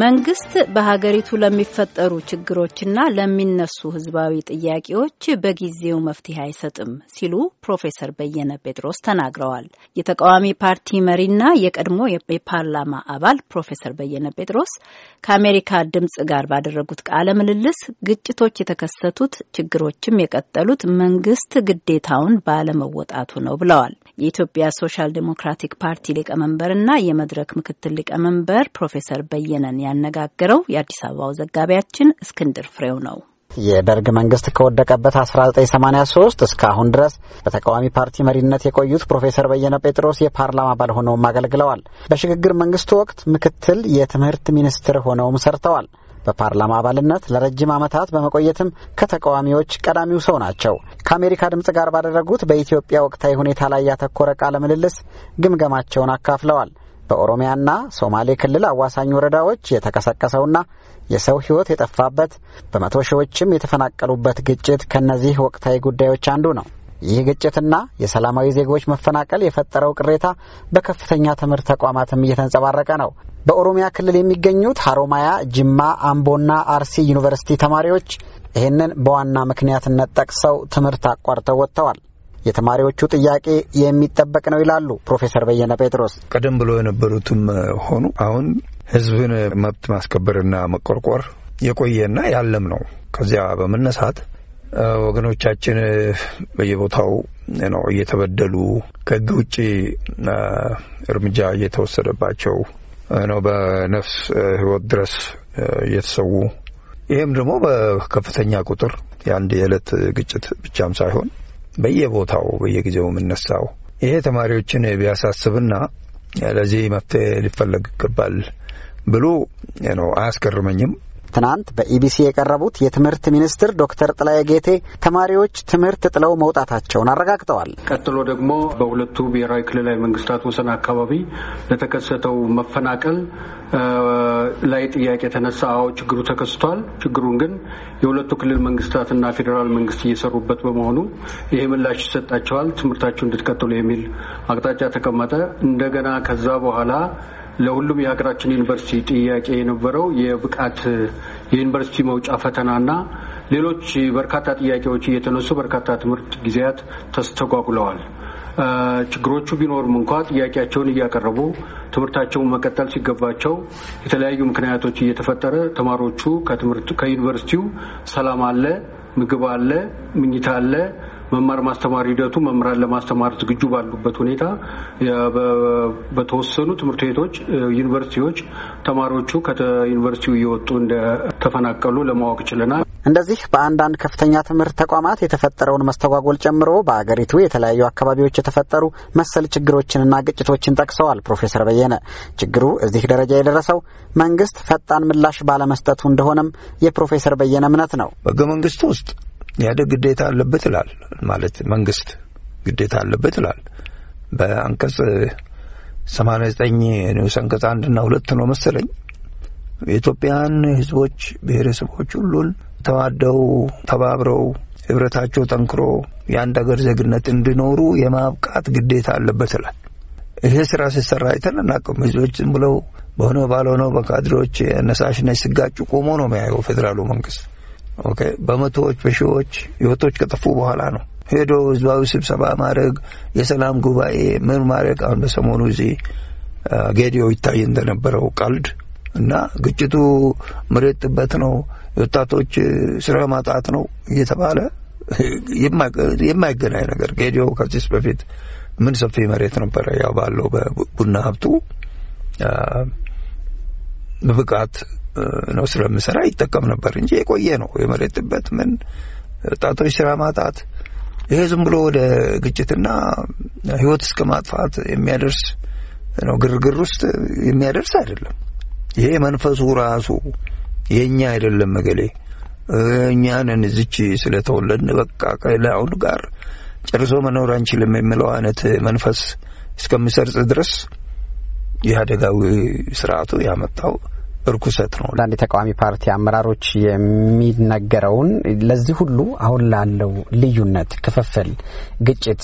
መንግስት በሀገሪቱ ለሚፈጠሩ ችግሮችና ለሚነሱ ህዝባዊ ጥያቄዎች በጊዜው መፍትሄ አይሰጥም ሲሉ ፕሮፌሰር በየነ ጴጥሮስ ተናግረዋል። የተቃዋሚ ፓርቲ መሪና የቀድሞ የፓርላማ አባል ፕሮፌሰር በየነ ጴጥሮስ ከአሜሪካ ድምፅ ጋር ባደረጉት ቃለ ምልልስ ግጭቶች የተከሰቱት ችግሮችም የቀጠሉት መንግስት ግዴታውን ባለመወጣቱ ነው ብለዋል። የኢትዮጵያ ሶሻል ዴሞክራቲክ ፓርቲ ሊቀመንበርና የመድረክ ምክትል ሊቀመንበር ፕሮፌሰር በየነን ያነጋገረው የአዲስ አበባው ዘጋቢያችን እስክንድር ፍሬው ነው። የደርግ መንግስት ከወደቀበት 1983 እስካሁን ድረስ በተቃዋሚ ፓርቲ መሪነት የቆዩት ፕሮፌሰር በየነ ጴጥሮስ የፓርላማ አባል ሆነውም አገልግለዋል። በሽግግር መንግስቱ ወቅት ምክትል የትምህርት ሚኒስትር ሆነውም ሰርተዋል። በፓርላማ አባልነት ለረጅም ዓመታት በመቆየትም ከተቃዋሚዎች ቀዳሚው ሰው ናቸው። ከአሜሪካ ድምፅ ጋር ባደረጉት በኢትዮጵያ ወቅታዊ ሁኔታ ላይ ያተኮረ ቃለ ምልልስ ግምገማቸውን አካፍለዋል። በኦሮሚያና ሶማሌ ክልል አዋሳኝ ወረዳዎች የተቀሰቀሰውና የሰው ሕይወት የጠፋበት በመቶ ሺዎችም የተፈናቀሉበት ግጭት ከእነዚህ ወቅታዊ ጉዳዮች አንዱ ነው። ይህ ግጭትና የሰላማዊ ዜጎች መፈናቀል የፈጠረው ቅሬታ በከፍተኛ ትምህርት ተቋማትም እየተንጸባረቀ ነው። በኦሮሚያ ክልል የሚገኙት ሀሮማያ፣ ጅማ፣ አምቦና አርሲ ዩኒቨርሲቲ ተማሪዎች ይህንን በዋና ምክንያትነት ጠቅሰው ትምህርት አቋርጠው ወጥተዋል። የተማሪዎቹ ጥያቄ የሚጠበቅ ነው ይላሉ ፕሮፌሰር በየነ ጴጥሮስ። ቀደም ብሎ የነበሩትም ሆኑ አሁን ህዝብን መብት ማስከበርና መቆርቆር የቆየና ያለም ነው። ከዚያ በመነሳት ወገኖቻችን በየቦታው ነው እየተበደሉ ከህግ ውጭ እርምጃ እየተወሰደባቸው ነው። በነፍስ ህይወት ድረስ እየተሰዉ ይህም ደግሞ በከፍተኛ ቁጥር የአንድ የዕለት ግጭት ብቻም ሳይሆን በየቦታው በየጊዜው የምነሳው ይሄ ተማሪዎችን ቢያሳስብና ለዚህ መፍትሄ ሊፈለግ ይገባል ብሎ ነው አያስገርመኝም። ትናንት በኢቢሲ የቀረቡት የትምህርት ሚኒስትር ዶክተር ጥላዬ ጌቴ ተማሪዎች ትምህርት ጥለው መውጣታቸውን አረጋግጠዋል። ቀጥሎ ደግሞ በሁለቱ ብሔራዊ ክልላዊ መንግስታት ወሰን አካባቢ ለተከሰተው መፈናቀል ላይ ጥያቄ የተነሳ አዎ ችግሩ ተከስቷል። ችግሩን ግን የሁለቱ ክልል መንግስታትና ፌዴራል መንግስት እየሰሩበት በመሆኑ ይሄ ምላሽ ይሰጣቸዋል፣ ትምህርታቸው እንድትቀጥሉ የሚል አቅጣጫ ተቀመጠ። እንደገና ከዛ በኋላ ለሁሉም የሀገራችን ዩኒቨርሲቲ ጥያቄ የነበረው የብቃት የዩኒቨርሲቲ መውጫ ፈተናና ሌሎች በርካታ ጥያቄዎች እየተነሱ በርካታ ትምህርት ጊዜያት ተስተጓጉለዋል። ችግሮቹ ቢኖሩም እንኳ ጥያቄያቸውን እያቀረቡ ትምህርታቸውን መቀጠል ሲገባቸው የተለያዩ ምክንያቶች እየተፈጠረ ተማሪዎቹ ከዩኒቨርሲቲው ሰላም አለ፣ ምግብ አለ፣ ምኝታ አለ መማር ማስተማር ሂደቱ መምህራን ለማስተማር ዝግጁ ባሉበት ሁኔታ በተወሰኑ ትምህርት ቤቶች፣ ዩኒቨርሲቲዎች ተማሪዎቹ ከዩኒቨርሲቲው እየወጡ እንደተፈናቀሉ ለማወቅ ችለናል። እንደዚህ በአንዳንድ ከፍተኛ ትምህርት ተቋማት የተፈጠረውን መስተጓጎል ጨምሮ በአገሪቱ የተለያዩ አካባቢዎች የተፈጠሩ መሰል ችግሮችንና ግጭቶችን ጠቅሰዋል ፕሮፌሰር በየነ። ችግሩ እዚህ ደረጃ የደረሰው መንግስት ፈጣን ምላሽ ባለመስጠቱ እንደሆነም የፕሮፌሰር በየነ እምነት ነው። ህገ መንግስት ውስጥ ኢህአዴግ ግዴታ አለበት ይላል ማለት መንግስት ግዴታ አለበት ይላል በአንቀጽ ሰማንያ ዘጠኝ ንዑስ አንቀጽ አንድና ሁለት ነው መሰለኝ የኢትዮጵያን ህዝቦች ብሔረሰቦች ሁሉን ተዋደው ተባብረው ህብረታቸው ጠንክሮ የአንድ ሀገር ዜግነት እንዲኖሩ የማብቃት ግዴታ አለበት ይላል። ይሄ ስራ ሲሰራ አይተን አናውቅም። ህዝቦች ዝም ብለው በሆነ ባልሆነው በካድሬዎች ነሳሽነት ሲጋጩ ቆሞ ነው የሚያየው ፌዴራሉ መንግስት። ኦኬ በመቶዎች በሺዎች ህይወቶች ከጠፉ በኋላ ነው ሄዶ ህዝባዊ ስብሰባ ማድረግ የሰላም ጉባኤ ምን ማድረግ አሁን በሰሞኑ እዚህ ጌዲዮ ይታይ እንደነበረው ቀልድ እና ግጭቱ መሬት ጥበት ነው፣ የወጣቶች ስራ ማጣት ነው እየተባለ የማይገናኝ ነገር። ጌዲዮ ከዚስ በፊት ምን ሰፊ መሬት ነበረ? ያው ባለው በቡና ሀብቱ ብቃት ነው ስለምሰራ ይጠቀም ነበር እንጂ የቆየ ነው። የመሬት ጥበት ምን ወጣቶች ስራ ማጣት ይሄ ዝም ብሎ ወደ ግጭትና ህይወት እስከ ማጥፋት የሚያደርስ ነው፣ ግርግር ውስጥ የሚያደርስ አይደለም። ይሄ መንፈሱ ራሱ የኛ አይደለም። መገሌ እኛንን እዚች ስለተወለድን በቃ ከላውን ጋር ጨርሶ መኖር አንችልም የሚለው አይነት መንፈስ እስከሚሰርጽ ድረስ የአደጋዊ ስርዓቱ ያመጣው እርኩሰት ነው። አንዳንድ የተቃዋሚ ፓርቲ አመራሮች የሚነገረውን ለዚህ ሁሉ አሁን ላለው ልዩነት፣ ክፍፍል፣ ግጭት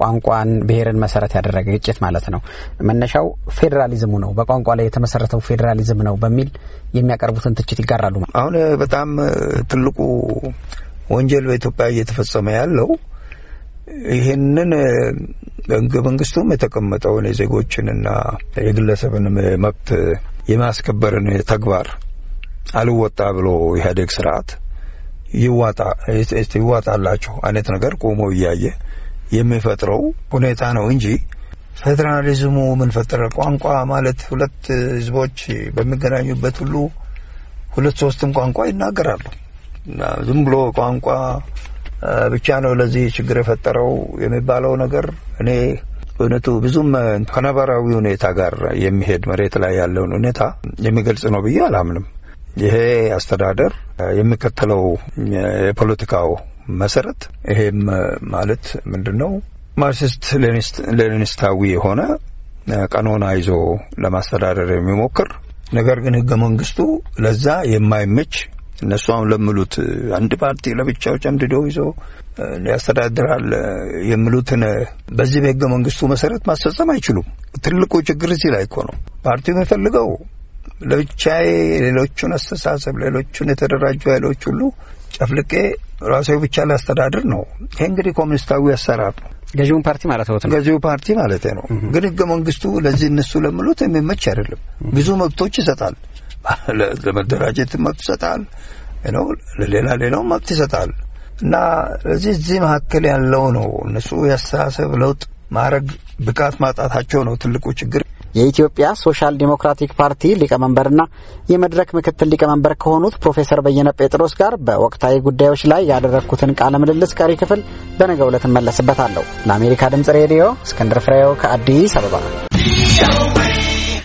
ቋንቋን፣ ብሔርን መሰረት ያደረገ ግጭት ማለት ነው መነሻው ፌዴራሊዝሙ ነው፣ በቋንቋ ላይ የተመሰረተው ፌዴራሊዝም ነው በሚል የሚያቀርቡትን ትችት ይጋራሉ። አሁን በጣም ትልቁ ወንጀል በኢትዮጵያ እየተፈጸመ ያለው ይህንን በህገ መንግስቱም የተቀመጠውን የዜጎችንና የግለሰብን መብት የማስከበርን ተግባር አልወጣ ብሎ ኢህአዴግ ስርዓት ይዋጣላችሁ አይነት ነገር ቆሞ እያየ የሚፈጥረው ሁኔታ ነው እንጂ ፌዴራሊዝሙ ምን ፈጠረ? ቋንቋ ማለት ሁለት ህዝቦች በሚገናኙበት ሁሉ ሁለት ሶስትም ቋንቋ ይናገራሉ ዝም ብሎ ቋንቋ ብቻ ነው ለዚህ ችግር የፈጠረው የሚባለው ነገር እኔ እውነቱ ብዙም ከነባራዊ ሁኔታ ጋር የሚሄድ መሬት ላይ ያለውን ሁኔታ የሚገልጽ ነው ብዬ አላምንም። ይሄ አስተዳደር የሚከተለው የፖለቲካው መሰረት ይሄም ማለት ምንድን ነው ማርክሲስት ሌኒስታዊ የሆነ ቀኖና ይዞ ለማስተዳደር የሚሞክር ነገር ግን ህገ መንግስቱ ለዛ የማይመች እነሱ አሁን ለምሉት አንድ ፓርቲ ለብቻው ጨምድዶ ይዞ ያስተዳድራል የምሉትን በዚህ በህገ መንግስቱ መሰረት ማስፈጸም አይችሉም። ትልቁ ችግር እዚህ ላይ እኮ ነው። ፓርቲው የሚፈልገው ለብቻዬ ሌሎቹን አስተሳሰብ፣ ሌሎቹን የተደራጁ ኃይሎች ሁሉ ጨፍልቄ ራሴው ብቻ ላስተዳድር ነው። ይሄ እንግዲህ ኮሚኒስታዊ አሰራር ነው። ገዢውን ፓርቲ ማለት ነው። ገዢው ፓርቲ ማለት ነው። ግን ህገ መንግስቱ ለዚህ እነሱ ለምሉት የሚመች አይደለም። ብዙ መብቶች ይሰጣል። ለመደራጀት መብት ይሰጣል ነው ለሌላ ሌላው መብት ይሰጣል እና እዚህ እዚህ መካከል ያለው ነው እነሱ የአስተሳሰብ ለውጥ ማድረግ ብቃት ማጣታቸው ነው ትልቁ ችግር። የኢትዮጵያ ሶሻል ዲሞክራቲክ ፓርቲ ሊቀመንበርና የመድረክ ምክትል ሊቀመንበር ከሆኑት ፕሮፌሰር በየነ ጴጥሮስ ጋር በወቅታዊ ጉዳዮች ላይ ያደረግኩትን ቃለ ምልልስ ቀሪ ክፍል በነገ ዕለት እመለስበታለሁ። ለአሜሪካ ድምጽ ሬዲዮ እስክንድር ፍሬው ከአዲስ አበባ